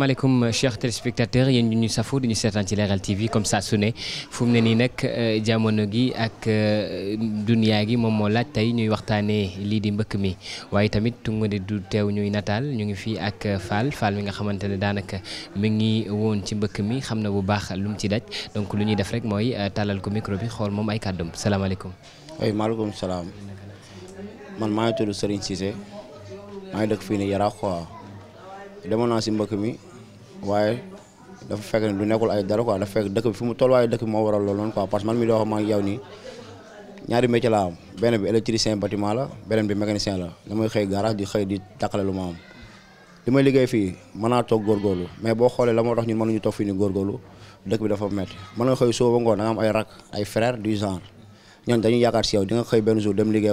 maaleykum chers téléspectateurs yéen ñu ñu ñu seetaan ci Leral TV comme su ne fu mu ne nag euh, jamono gi ak euh, duniyaa gi moom moo laaj tey ñuy waxtaanee lii di mbëkk mi waaye tamit tunga teew ñuy nataal ñu ngi fii ak euh, Fall Fall mi nga xamante ne daanaka mi ngi woon ci mbëkk mi xam na bu baax lu mu ci daj donc lu ñuy def rek mooy tàllal ko micro bi xool moom ay kàddum salaamaaleykum. oui maaleykum salaam man maa ngi tudd Serigne Cissé maa dëkk fii nii Yaraax quoi demoon naa si mbëkk mi. waaye dafa fekk ne du nekkul ay dara waa dafa fekk dëkk bi fi mu tolluwaay dëkk bi moo waral loolu noonu quoi parce que man mi di wax ma ak nii ñaari métier laa am benn bi électricien batiment la beneen bi mécanicien la damay xëy garage di xëy di takkale lu ma am li may liggéey fii mën naa toog góorgóorlu mais boo xoolee la moo tax ñun mënuñu toog fii ni góorgóorlu dëkk bi dafa métti mën nga xëy soo ba ngoon da nga am ay rak ay frère du genre ñooñu dañuy yaakaar si yow di nga xëy benn jour dem liggéey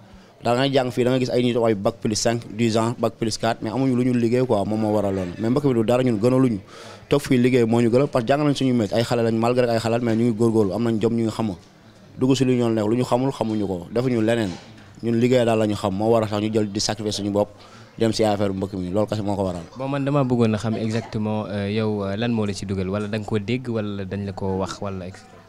da ngay jàng fii da nga gis ay nit plus 5 10 ans bac plus 4 mais amuñu lu ñu liggéey ko moom moo waral loolu mais mbokk bi du dara ñun gënaluñu ñu gënal parce que jàng nañ ñu si lu ñu xamul xamuñu ko defuñu leneen ñun liggéey daal la ñu xam moo waral sax ñu jël di sacrifier suñu bopp dem si affaire mbëkk mi loolu kese moo ko waral. bon man damaa bëggoon a xam exactement euh, yow euh, lan moo la ci dugal wala da nga koo dégg wala dañ la koo wax wala.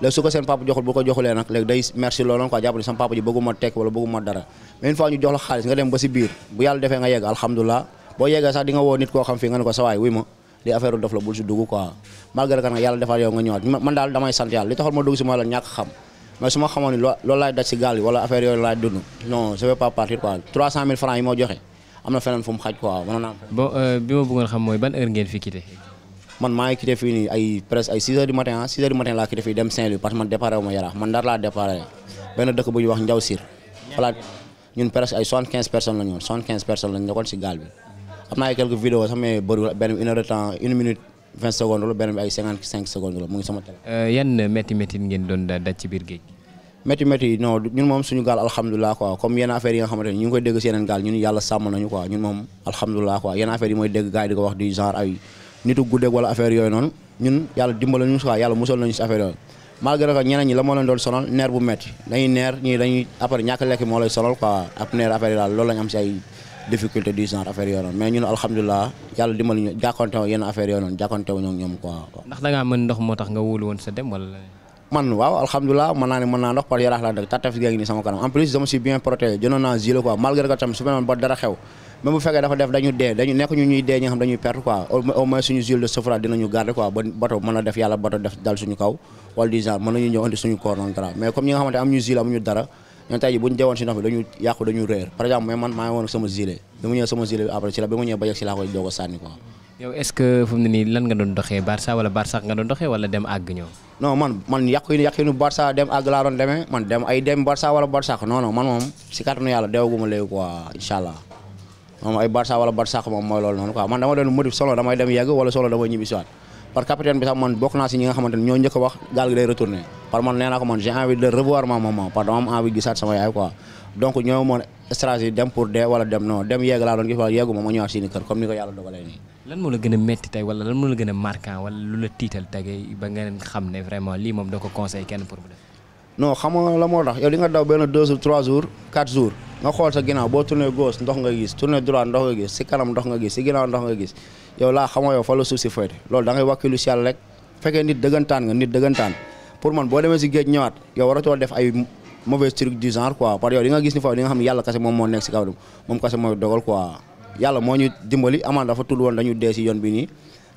léegi su ko seen papa joxul bu ko joxulee nag léegi day merci loolu quoi jàpp ne sama papa ji bëgguma tekk wala bëgguma dara mais une fois ñu jox la xaalis nga dem ba si biir bu yàlla defee nga yegg alhamdulilah boo yeggee sax di nga woo nit koo xam fii nga ne ko sawaay wuy ma li affaire dof la bul si dugg quoi malgré que nag yàlla defal yow nga ñëwaat man daal damay sant yàlla li taxal ma dugg si ma la ñàkk xam mais su ma xamoon ni loolu laay moo joxe am na man maa ngi quitté fii nii ay presque ay 6 matin ah 6 heures du matin laa quitté dem Saint-Louis parce que man déparé Yaraax man Ndar laa déparé benn dëkk bu ñuy wax Njaw Sir voilà ñun presque ay 75 personnes la ñu woon personnes la ñu nekkoon si gaal bi am naa ay quelques vidéos sax mais bëriwul benn une heure temps une minute 20 secondes la bi ay 55 secondes mu ngi sama télé. Euh, yan métti métti ngeen doon daj ci biir géej nitu guddeeg wala affaire yooyu noonu ñun yàlla dimbala ñu soit yàlla musal nañu si affaire yooyu noonu mais ñun alhamdulilah ñu jàkkonte yenn yooyu noonu jàkkonte ndax da ngaa ndox moo tax nga wóolu woon sa dem wala. man waaw alhamdulilah mën naa ne mën naa ndox par yaraax laa dëkk tattaf gaa ngi nii sama kanam en plus dama si bien protégé jënoon naa zile quoi malgré que tam su ma ba dara xew même bu fekkee dafa def dañu dee dañu nekk ñu ñuy dee ñi nga xam dañuy perte quoi au moins suñu huile de safran dinañu garder quoi ba bato mën a def yàlla bato def dal suñu kaw wala du genre man la man yàqu yi nu Barça dem àgg laa doon demee man dem ay dem Barça wala man moom si kàttanu yàlla deewaguma léegi quoi incha allah moom ay Barça wala Barça moom mooy loolu noonu quoi man dama doon motif solo damay dem yegg wala solo damay ñibbi si waat par capitaine bi sax man bokk naa si ñi nga xamante ne ñoo njëkk wax gaal gi day retourné par man nee ko man j'ai envie de revoir ma maman par dama envie gisaat sama yaay quoi donc ñoo moon stratégie dem pour dee wala dem non dem yegg laa doon gis wala yeggu ma ma ñëwaat sini kër comme ni ko yàlla nga xool sa ginnaaw boo tourné gauche ndox nga gis tourné droite ndox nga gis si kanam ndox nga gis si ginnaaw ndox nga gis yow laa xamoo yow fa la suuf si foyte loolu da ngay si yàlla rek pour man boo demee si géej yow waratoo def ay mauvais truc du genre moom moo nekk si kaw moom kese mooy dogal quoi yàlla moo ñu dimbali amaan dafa tudd woon dañu dee si yoon bi nii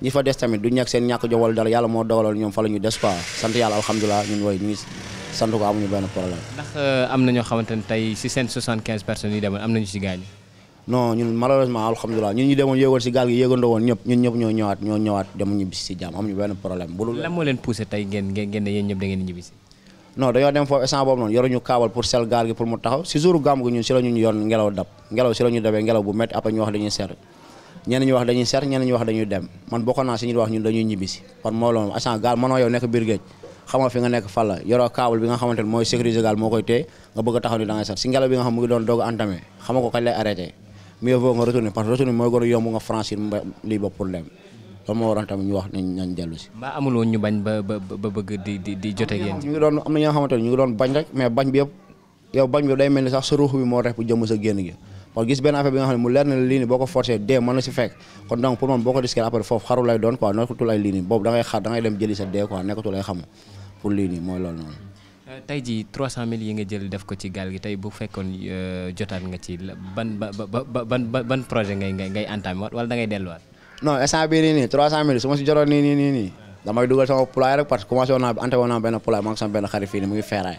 ñi fa des tamit du ñekk seen ñàkk jom dara yàlla moo dogaloon ñoom fa la ñu des quoi sant yàlla alhamdulilah ñun wooy ñu ngi si sant ko amuñu benn problème. Euh, am na ñoo si gaañu. non ñun malheureusement ñun ñu dem ñibbisi ñibbisi. non dañoo dem foofu instant boobu noonu yoruñu kaabal pour sel gaal gi pour mu taxaw si jour gàmm gi ñun si la ñu yoon ngelaw dab ngelaw si la ñu dabee ngelaw bu métti après ñu wax dañuy ñibbisi kon moo loolu instant gaal mënoo yow nekk biir xam xamoo fi nga nekk fan yoroo câble bi nga xamante mooy sécurité gaal moo koy téye nga bëgg a taxaw ni da ngay si ngelaw bi nga xam a nga retourner mooy gën a yomb nga franchir lii ba problème loolu moo waroon tamit ñu wax nañ nañ dellu si mbaa amul ñu bañ ba ba ba bëgg di di di jote ak ñu ngi doon am na ñi nga xamante ñu ngi doon bañ rek mais bañ bi yëpp yow bañ bi day mel ni sax sa ruux bi moo tax bu jëm sa génn gi kon gis benn affaire bi nga xam ne mu leer na lii nii boo ko forcé dee mën si fekk kon donc pour man boo ko risqué après foofu xaru doon quoi nekkatul ay lii nii boobu da xar da euh, yi nga jël def ko ci gaal gi tey bu fekkoon euh, jotaat nga ci ban ba ban ban projet ngay ngay ngay entamé wala da delluwaat non instant bii nii nii 300000 su ma si jotoon nii nii nii damay dugal sama poulailler rek parce que commencé naa benn poulailler maa ngi benn xarit fii mu ngi feeraay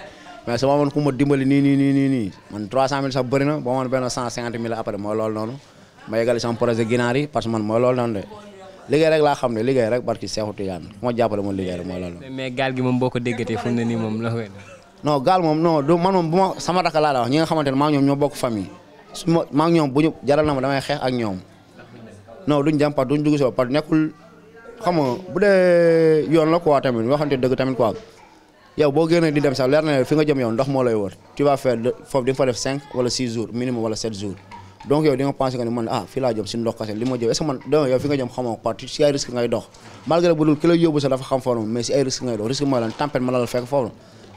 mais su ma amoon ku ma dimbali nii nii nii nii nii man 300000 sax bëri na ba ma amoon benn 150000 après mooy loolu noonu ma yegale sama projet ginaar yi parce que man mooy loolu noonu liggéey rek laa xam ne liggéey rek barki Seexu Tijaan ku ma moom liggéey rek gi moom boo ko déggatee fu mu ne nii moom la koy non gaal moom non du man moom bu ma sama rakk laa la nga xamante ne maa ngi ñoom ñoo bokk famille su ma maa ñoom bu ñu jaral na ma damay xeex ak ñoom non duñ jàmm parce duñ dugg si parce xam nga bu dee yoon la quoi tamit waxante dëgg tamit quoi yow boo génnee di dem sax leer na fi nga jëm yow ndox moo lay wër tu vas faire foofu di fa def 5 wala 6 jours minimum wala 7 jours donc yow di nga pensé que ni man ah fii laa si ndox kese li ma jëm est ce que yow fi nga jëm xamoo quoi si ay risque ngay dox malgré bu dul ki lay sax dafa xam foofu mais si ay risque ngay dox risque mooy lan tempête mën na la fekk foofu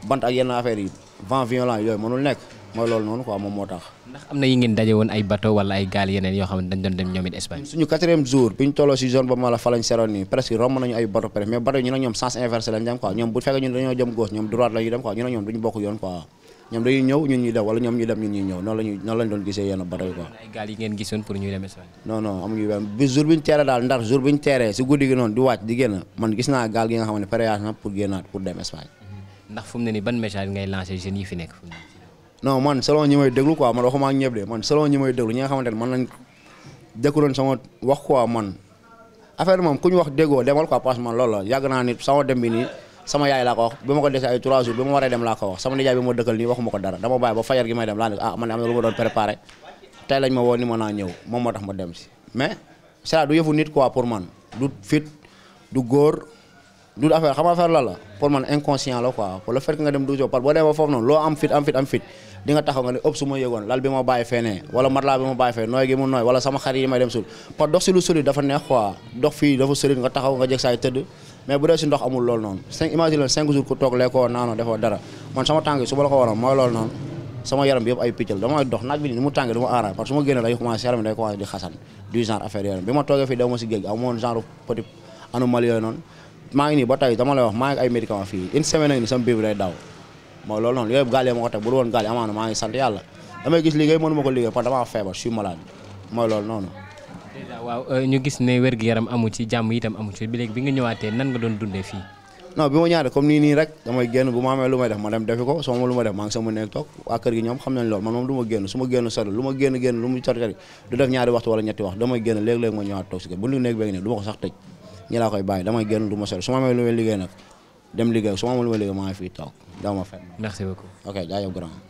bant ak yenn affaire yi vent violent yooyu mënul mooy loolu noonu quoi moom moo tax. ndax am na yi ngeen daje woon ay bateau wala ay gaal yeneen yoo xam ne dañ dem ñoom Espagne. suñu quatrième jour bi ñu tolloo si zone ba ñu dem quoi ñoom bu fekkee ñu dem bi jour bi ñu daal ndar jour bi ñu si guddi gi noonu di wàcc di génn man gis naa gaal gi nga xam ne na pour génnaat pour dem Espagne mm-hmm. ndax fu ne ni ban message ngay lancé jeunes yi nekk non man selon ñi may déglu quoi man waxuma ak de man selon ñi may déglu ñi nga xamante ne man lañ sama wax quoi man affaire moom ku ñu wax déggoo demal quoi parce que man loolu la yàgg naa nit sama dem bi nii yaay laa ko bi ma ko dese ay 3 jours dem laa ko wax sama nijaay bi ma dëkkal nii waxuma ko dara dama bàyyi ba fajar gi may dem laa ne ah ma doon préparé tey lañ ma woo ni ma naa ñëw moom moo tax ma dem si mais c'est du yëfu nit quoi pour man du fit du góor du affaire xam affaire la la pour man inconscient la quoi pour le fait que nga dem du job parce que loo am fit di nga taxaw nga ne ëpp su ma yëgoon lal bi ma bàyyi fee ne wala matelas bi ma bàyyi fee nooy gi mu taxaw nga jeg saay tëdd mais bu dee si ndox amul loolu noonu cinq imagine leen cinq jours ku toog lekkoo naanoo defoo ma la ko waroon mooy bi ma aaraat parce que ma ngi nii ba tey dama lay wax maa ngi ay médicament fii une semaine ngi sama biir day daaw mooy loolu noonu yooyu yëpp gaal yi ma ko teg bu dul woon gaal yi amaana maa ngi sant yàlla damay gis liggéey mënu ma ko liggéey parce que damaa feebar je suis malade mooy loolu noonu dèjà waaw euh, ñu gis ne wér gu yaram amu ci jàmm itam amu ci bi léegi bi nga ñëwaatee nan nga doon dundee fii non bi ma ñaare comme nii nii rek damay génn bu ma amee lu may def ma dem defi ko soo ma lu may def maa ngi sama néeg toog waa kër gi ñoom xam nañ loolu man moom du ma génn su ma génn sori lu ma génn génn lu mu sori sori du def ñaari waxtu wala ñetti waxtu damay génn léeg-léeg ma ñëwaat toog si kër bu lu néeg béy ne du ma ko sax tëj ñi laa koy bàyyi damay génn du ma sori su ma amee lu may liggéey nag dem liggéey su ma amee lu may liggéey maa ngi fii toog daw ma fenn. merci beaucoup. ok jaajëf grand.